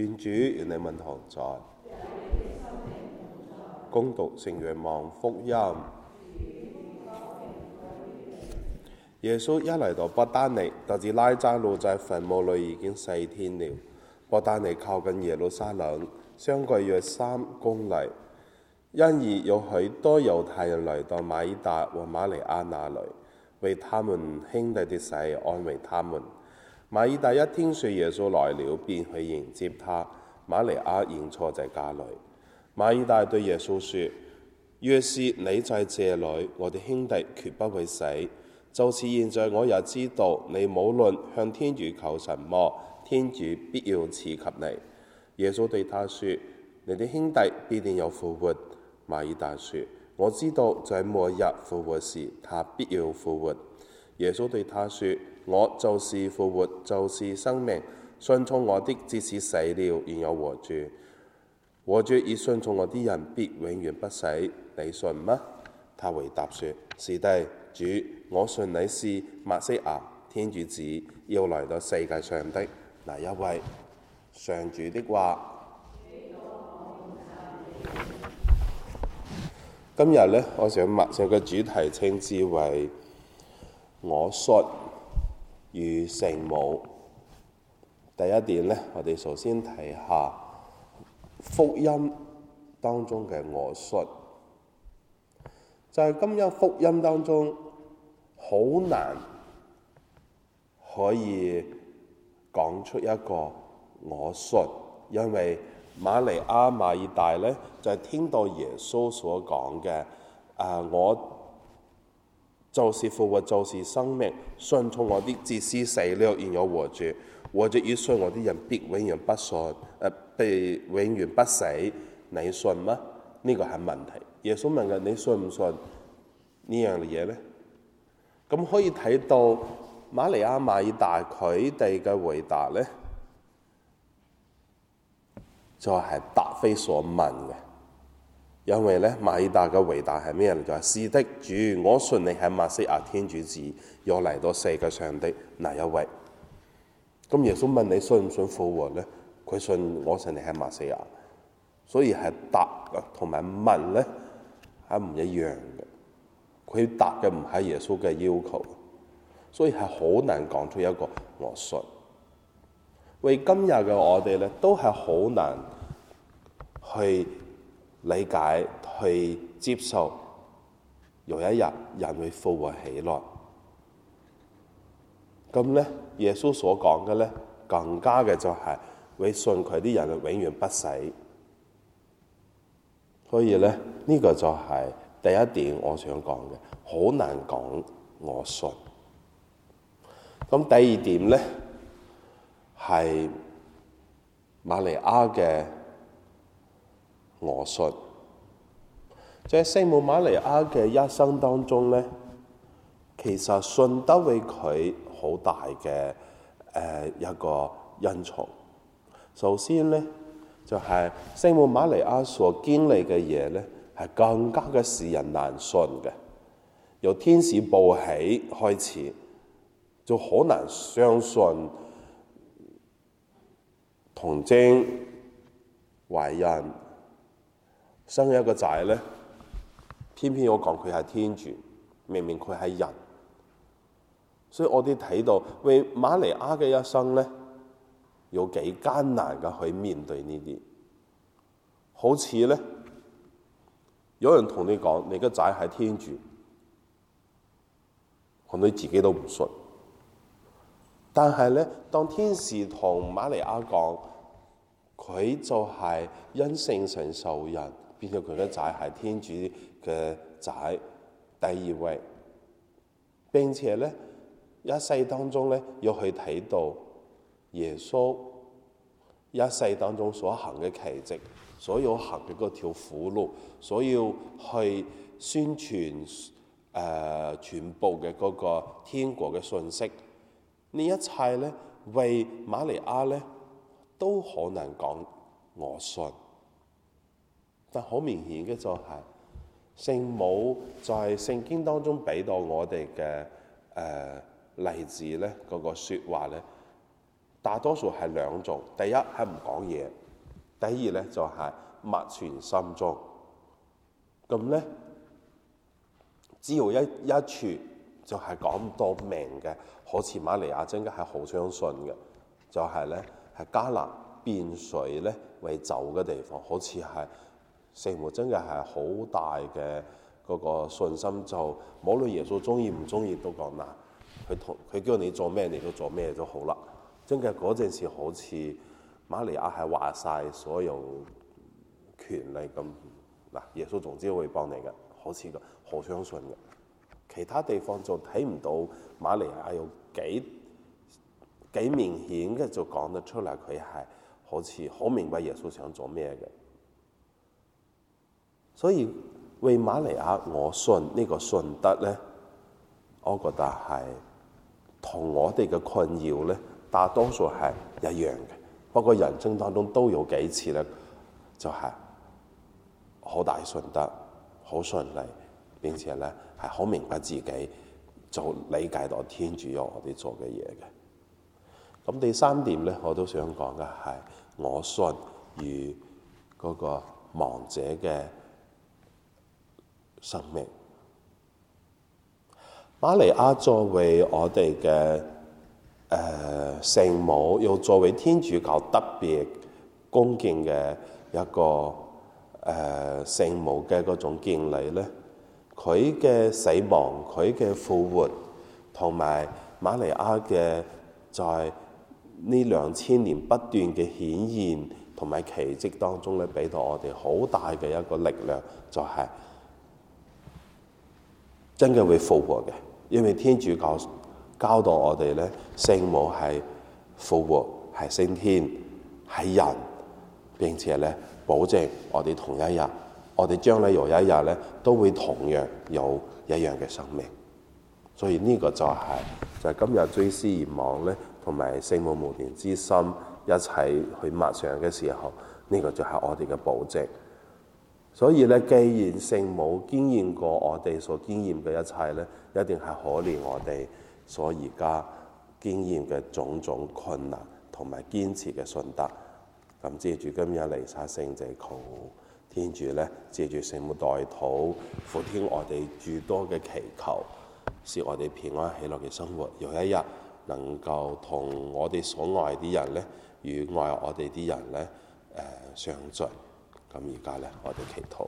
願主與你們同在，恭讀聖若望福音。耶穌一嚟到伯達尼，得知拉匝祿在墳墓裏已經四天了。伯達尼靠近耶路撒冷，相距約三公里，因而有許多猶太人嚟到瑪爾大和馬利亞那裏，為他們兄弟的死安慰他們。馬爾大一聽說耶穌來了，便去迎接他。瑪利亞仍坐在家裏。馬爾大對耶穌說：若是你在這裏，我哋兄弟決不會死。就似現在，我也知道你無論向天主求什麼，天主必要賜給你。耶穌對他說：你的兄弟必定有復活。馬爾大說：我知道，在末日復活時，他必要復活。耶穌對他說。我就是復活，就是生命。信從我的，即使死了，仍有活著；活著而信從我的人，必永遠不死。你信嗎？他回答說：是的，主，我信你是默西亞，天主子，要來到世界上的那一位。上主的話。今日呢，我想默想嘅主題稱之為我信。如聖母，第一點呢，我哋首先睇下福音當中嘅我信，就係今日福音當中，好難可以講出一個我信，因為瑪利亞馬爾大呢就係聽到耶穌所講嘅，啊、呃、我。就是復活，就是生命。信從我啲，即使死咗，亦有活着；活着，亦信我啲人，必永遠不順，誒、呃，必永遠不死。你信嗎？呢、這個係問題。耶穌問嘅，你信唔信呢樣嘢呢？咁可以睇到瑪利亞、馬爾大佢哋嘅回答呢，就係、是、答非所問嘅。因為咧，馬爾達嘅回答係咩咧？就係是的，主，我信你係馬西亞天主子，又嚟到世界上的那一位。咁耶穌問你信唔信復活咧？佢信我信你係馬西亞，所以係答嘅同埋問咧係唔一樣嘅。佢答嘅唔係耶穌嘅要求，所以係好難講出一個我信。為今日嘅我哋咧，都係好難去理解去接受，有一日人會復活起來。咁咧，耶穌所講嘅咧，更加嘅就係、是、會信佢啲人永遠不死。所以咧，呢、這個就係第一點我想講嘅，好難講我信。咁第二點咧，係瑪利亞嘅。我信。就係聖母瑪利亞嘅一生當中咧，其實信得為佢好大嘅誒，一個恩寵。首先咧，就係、是、聖母瑪利亞所經歷嘅嘢咧，係更加嘅使人難信嘅。由天使報喜開始，就好難相信童貞懷孕。生一個仔咧，偏偏我講佢係天主，明明佢係人，所以我哋睇到為瑪利亞嘅一生咧，有幾艱難嘅去面對呢啲。好似咧，有人同你講你個仔係天主，你自己都唔信，但係咧，當天使同瑪利亞講，佢就係因聖神受孕。變咗佢嘅仔係天主嘅仔，第二位。並且咧，一世當中咧，要去睇到耶穌一世當中所行嘅奇蹟，所有行嘅嗰條苦路，所要去宣傳誒、呃、全部嘅嗰個天國嘅信息。呢一切咧，為瑪利亞咧，都可能講我信。但好明顯嘅就係聖母在聖經當中俾到我哋嘅誒例子咧，嗰、那個説話咧大多數係兩種。第一係唔講嘢，第二咧就係默存心中。咁咧只要一一處就係講到明嘅，好似瑪利亞真嘅係好相信嘅，就係咧係加納變水咧為酒嘅地方，好似係。聖母真嘅係好大嘅嗰個信心就，就無論耶穌中意唔中意都講嗱，佢同佢叫你做咩，你都做咩都好啦。真嘅嗰陣時好似瑪利亞係話晒所有權利咁嗱，耶穌總之會幫你嘅，好似嘅好相信嘅。其他地方就睇唔到瑪利亞有幾幾明顯嘅就講得出嚟。佢係好似好明白耶穌想做咩嘅。所以為瑪利亞，我信，這個、信呢個信德咧，我覺得係同我哋嘅困擾咧，大多數係一樣嘅。不過人生當中都有幾次咧，就係、是、好大信德、好順利，並且咧係好明白自己做理解到天主要我哋做嘅嘢嘅。咁第三點咧，我都想講嘅係我信與嗰個亡者嘅。生命。瑪利亞作為我哋嘅誒聖母，又作為天主教特別恭敬嘅一個誒聖、呃、母嘅嗰種敬禮咧，佢嘅死亡、佢嘅復活，同埋瑪利亞嘅在呢兩千年不斷嘅顯現同埋奇蹟當中呢，俾到我哋好大嘅一個力量，就係、是。真嘅會復活嘅，因為天主教教導我哋咧，聖母係復活，係升天，係人，並且咧保證我哋同一日，我哋將來有一日咧都會同樣有一樣嘅生命。所以呢個就係就係今日追思已亡咧，同埋聖母無玷之心一齊去默想嘅時候，呢個就係我哋嘅保證。所以咧，既然聖母經驗過我哋所經驗嘅一切咧，一定係可憐我哋所而家經驗嘅種種困難同埋堅持嘅信德。咁借住今日嚟，撒聖祭求天主咧，借住聖母代禱，俯聽我哋諸多嘅祈求，使我哋平安喜樂嘅生活，有一日能夠同我哋所愛啲人咧，與愛我哋啲人咧，誒相聚。咁而家咧，我哋祈禱。